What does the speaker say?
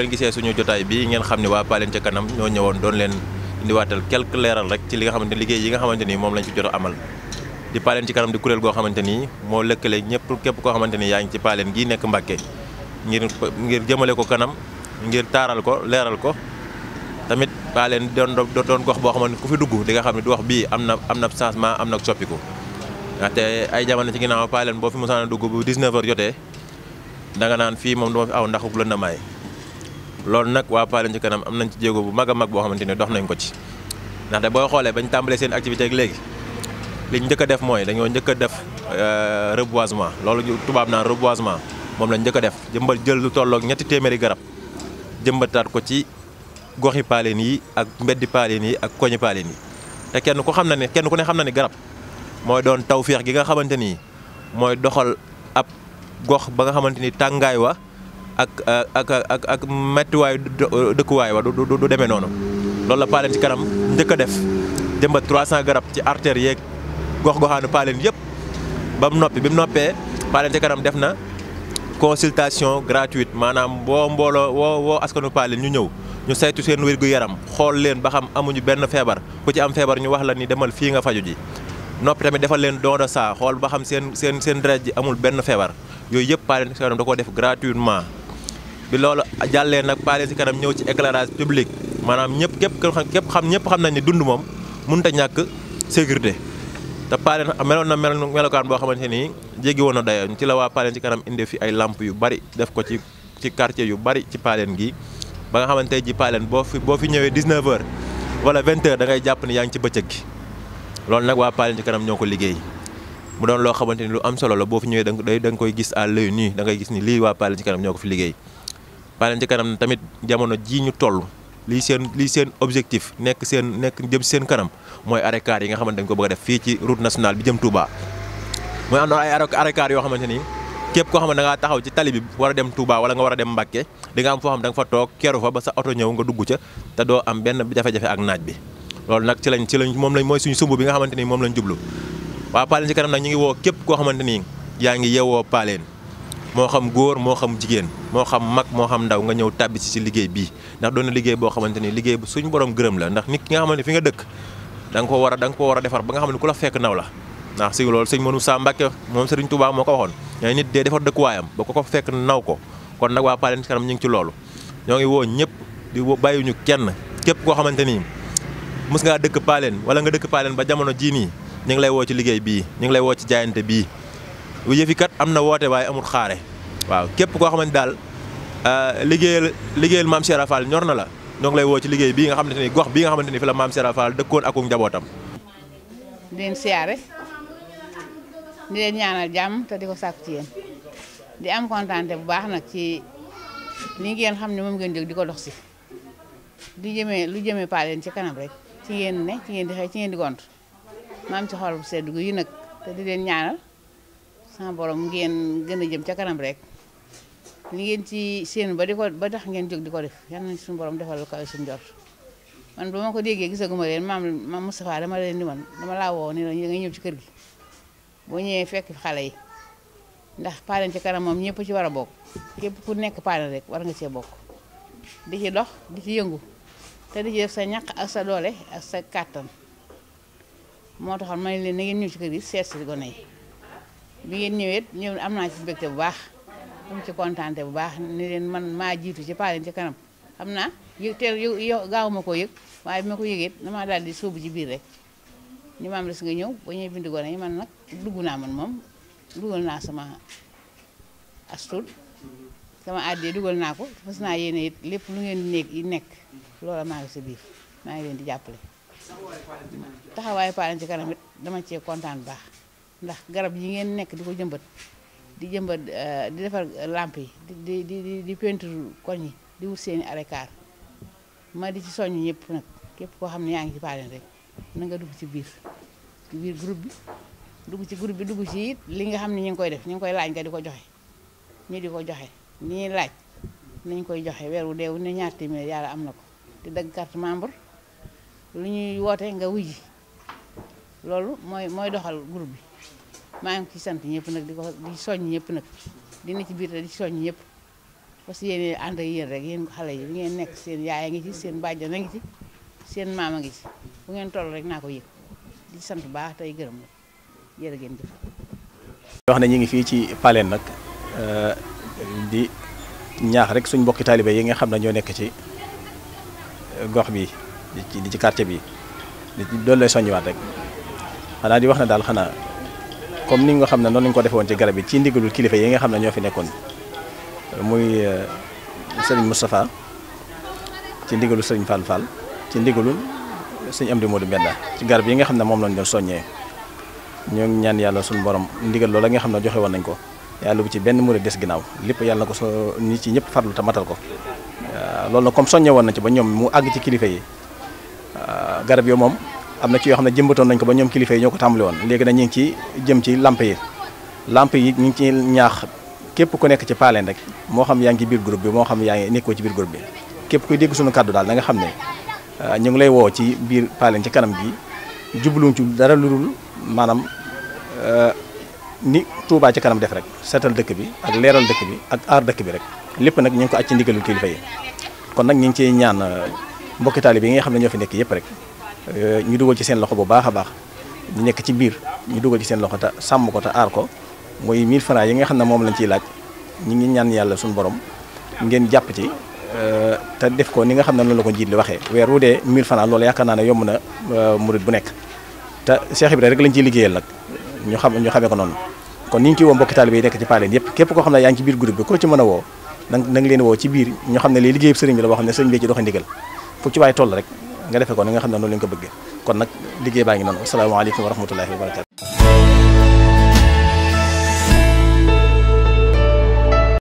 leen gisee suñu jotaay bi ngeen xam ne waa Paaleen ca kanam ñoo ñëwoon doon leen indiwaatal quelque leeral rek ci li nga xamante liggéey yi nga xamante ni moom lañ ci jot a amal di Paaleen ci kanam di kuréel goo xamante ni moo lëkkale ñëpp képp koo xamante ni yaa ngi ci Paaleen gii nekk Mbàkke ngir ngir jëmale ko kanam ngir taaral ko leeral ko tamit Paaleen doon doon gox boo xamante ni ku fi dugg di nga xam ne du wax bii am na am na changement am na soppiku ndaxte ay jamono ci ginnaaw Paaleen boo fi mosaan a dugg bu 19 heures jotee da nga naan fii moom du ma fi aw ndax lëndamaay loolu nag waa Paa leen ci kanam am nañ ci jéego bu mag a mag boo xamante ne dox nañ ko ci ndaxte boo xoolee bañ tàmbalee seen activité ak léegi liñ njëkk a def mooy dañoo njëkk a def euh, reboisement loolu tubaab naan reboisement moom lañ njëkk a def jëmbat jël lu tollook ñetti téeméeri garab jëmbataat ko ci goxi paaleen yi ak mbeddi paaleen yi ak koñi paaleen yi te kenn ku xam na ne kenn ku ne xam na ne garab mooy doon tawféex gi nga xamante ni mooy doxal ab gox ba nga xamante ni tàngaay wa ak ak ak ak méttiwaayu dëkkuwaay wa du demee noonu loolu la Paaleen ci kanam njëkk a def jëmbat 300 garab ci artère yeeg gox-goxaanu Paaleen yëpp ba mu noppi bi mu noppee Paaleen ci kanam def na consultation gratuite maanaam boo mbooloo woo woo askanu Paaleen ñu ñëw ñu saytu seen wér yaram xool leen ba xam amuñu benn feebar ku ci am feebar ñu wax la ni demal fii nga faju ji noppi tamit defal leen don saa xool ba xam seen seen seen deret ji amul benn feebar yooyu yëpp pa ci def gratuitement bi loolu jàllee nag Paale si kanam ñëw ci éclairage public maanaam ñëpp képp képp xam ñëpp xam nañ ne dund moom mënut a ñàkk sécurité te Paale meloon na mel melokaan boo xamante ni jéggi woon na dayoo ci la waa Paale si kanam indee fi ay lamp yu bari def ko ci ci quartier yu bari ci paleen gi ba nga xamante ji Paalen boo fi boo fi ñëwee 19h wala 20h da jàpp ne yaa ngi ci bëccëg gi loolu nag waa Paalen si kanam ñoo ko liggéey. mu doon loo xamante ni lu am la boo fi ñëwee da nga koy gis à l'œil ngay gis ni lii waa Paalen ci ñoo ko fi liggéey Paleen ci kanam tamit jamono jii ñu toll lii seen lii seen objectif nekk seen nekk jëm seen kanam mooy arrêt car yi nga xamante dañ ko bëgg a def fii ci route nationale bi jëm Touba. mooy am na ay arrêt yoo xamante ni képp koo xam ne da taxaw ci tali bi war a dem Touba wala nga war a dem Mbacké di nga am foo xam da nga toog keru fa ba sa oto ñëw nga dugg ca te doo am benn jafe-jafe ak bi loolu nag ci lañ ci lañ moom lañ mooy suñu sumb bi nga xamante ni moom lañ jublu waa Paleen ci ñu ngi woo képp koo xamante ni yaa ngi yeewoo Paleen moo xam góor moo xam jigéen moo xam mag moo xam ndaw nga ñëw tàbbi ci liggéey bii ndax doon na liggéey boo xamante ni liggéey bu suñu borom gërëm la ndax nit ki nga xam ne fi nga dëkk da ko war a ko war a defar ba nga xam ne ku la fekk naw la ndax si loolu sëñ Manoum Sa Mbàkke moom Sëriñ Tuubaa moo ko waxoon ñaani nit dee defar dëkkuwaayam ba ko ko fekk naw ko kon nag waa Palen ci kanam ñu ngi ci loolu ñoo ngi woo ñëpp di bàyyiwuñu kenn képp koo xamante ni mës ngaa dëkk Palen wala nga dëkk Palen ba jamono jii nii ñu ngi lay woo ci liggéey bii ñu ngi lay woo ci jaayante bii yëfi kat am na woote waaye amul xaare waaw képp koo xamante daal euh, liggéeyal liggéeyal maam Cheikh Ibra Fall ñor na la ñoo ngi lay woo ci liggéey bii nga xam xamante ni gox bi nga xamante ni fi la maam Cheikh Ibra ak njabootam. di di leen ñaanal jàmm te di ko sàkku di am bu baax nag ci li ngeen xam ne moom ngeen jóg di ko dox si di jëmee lu jëmee paa leen ci kanam rek ci ngeen ne ci ngeen di xëy ci ngeen di gont maam ci xol bu sedd gu nag te di leen ñaanal. sama borom ngeen gën a jëm ca kanam rek li ngeen ci seen ba di ba tax ngeen jóg di ko def yal na suñu borom ko suñu jor man ba ma ko déggee gisaguma leen maam maam Moustapha dama leen di man dama laa woo ne la ñu ñëw ci kër gi boo ñëwee fekk xale yi ndax parent ci kanam moom ñëpp ci war a bokk képp ku nekk parent rek war nga cee bokk di ci dox di ci yëngu te di ci def sa ñaq ak sa doole ak sa kàttan moo taxoon ma leen na ngeen ñëw ci kër gi seet si gone yi bi ngeen ñëwee ñëw am naa ci mbégte bu baax am ci kontaante bu baax ni leen man maa jiitu ci paa leen ci kanam xam naa yëg teel yow gaaw koo yëg waaye bi ma ko yëgee damaa daal di sóobu ci biir rek ñu maam des nga ñëw ba ñuy bind gone yi man nag dugg naa man moom dugal naa sama astur sama àddee dugal naa ko fas naa yéene it lépp lu ngeen néeg yi nekk loola maa ngi sa biir maa ngi leen di jàppale taxawaayu paa ci kanam dama cee kontaan bu ndax garab yi ngeen nekk di ko jëmbat di jëmbat euh, di defar làmp yi di di di di peinture koñ yi di wut seeni arekaar ma di ci soññ ñëpp nag képp koo xam ne yaa ngi ci Paléne rek na nga dugg ci biir biir groupe bi dugg ci groupe bi dugg ci it li nga xam ne ñu ngi koy def ñu ngi koy laaj nga di ko joxe ñu di ko joxe li ñuy laaj nañ koy joxe weer wu deewu ne ñaar téeméer yàlla am na ko di dagg carte membre lu ñuy woote nga wuy ji loolu mooy mooy doxal groupe bi maa ngi ciy sant ñëpp nag di ko di soññ nag dina ci biir di soññ ñëpp parce que yéen ànd ak yéen rek yéen xale yi bu ngeen nekk seen yaay a ngi ci seen bàjjan a ngi ci seen maam a ngi ci bu ngeen toll rek naa ko yëg di sant baax tey gërëm la jërë ngeen jëf. wax ne ñu ngi fii ci Paleen nag euh, di ñaax rek suñ mbokki taalibe yi nga xam ne ñoo nekk ci gox bi di ci quartier bi di doon soñ soññiwaat rek xanaa di wax na daal xanaa. comme ni nga xam ne noonu lañ ko defee woon ci garab yi ci ndigalul kilifa yi nga xam ne ñoo fi nekkoon muy euh, sëriñ Moustapha ci ndigalul sëriñ Fall di ci ndigalul sëriñ ci garab yi nga xam ne moom lañ doon soññee ñoo ñaan yàlla suñu borom ndigal la nga xam ne joxe woon nañ ko yàlla bu ci benn murid des ginnaaw lépp yàlla na ko so ñi ci ñëpp farlu te matal ko loolu na comme soññe woon na ci ba ñoom mu àgg ci kilifa yi garab yo moom am na ci yoo xam ne jëmbatoon nañ ko ba ñoom kilifa yi ñoo ko tàmbali woon léegi nag ñu ngi ci jëm ci lamp yi lamp yi ñu ngi ci ñaax képp ku nekk ci paaleen rek moo xam yaa ngi ci biir groupe bi moo xam yaa ngi nekkoo ci biir groupe bi képp kuy dégg suñu kàddu daal da nga xam ne ah, ñu ngi lay woo ci biir paaleen ci kanam gi jubluñ ci dara lu dul maanaam ah, ni Touba ci kanam def rek seetal dëkk bi ak leeral dëkk bi ak aar dëkk bi rek lépp nag ñu ngi ko acc ci ndigalul kilifa yi kon nag ñu ngi ciy ñaan ah, mbokki taalibe yi nga xam ne ñoo fi nekk yëpp rek Euh, ñu dugal ci seen loxo bu baax a baax ñu nekk ci biir ñu dugal ci seen loxo te sàmm ko te aar ko mooy 1000 francs yi nga xam ne moom lañ ciy laaj ñu ngi ñaan yàlla suñu borom ngeen jàpp ci euh, te def ko ni nga xam ne ko njiit waxee weer wu dee 1000 francs loolu yaakaar naa ne yomb na euh, murit bu nekk te Cheikh Ibrahima rek lañ ciy liggéeyal nag ñu xam ñu xamee ko noonu kon ni ñu ciy mbokki taalibe yi nekk ci paaleen yëpp képp koo xam ne yaa ngi ci biir groupe bi ko ci mën a woo na nga leen woo ci biir waay toll rek nga defe ko ni nga xam ne noonu lañ ko bëggee kon nag liggéey baa ngi noonu asalaamaaleykum wa rahmatullahi wa barakatu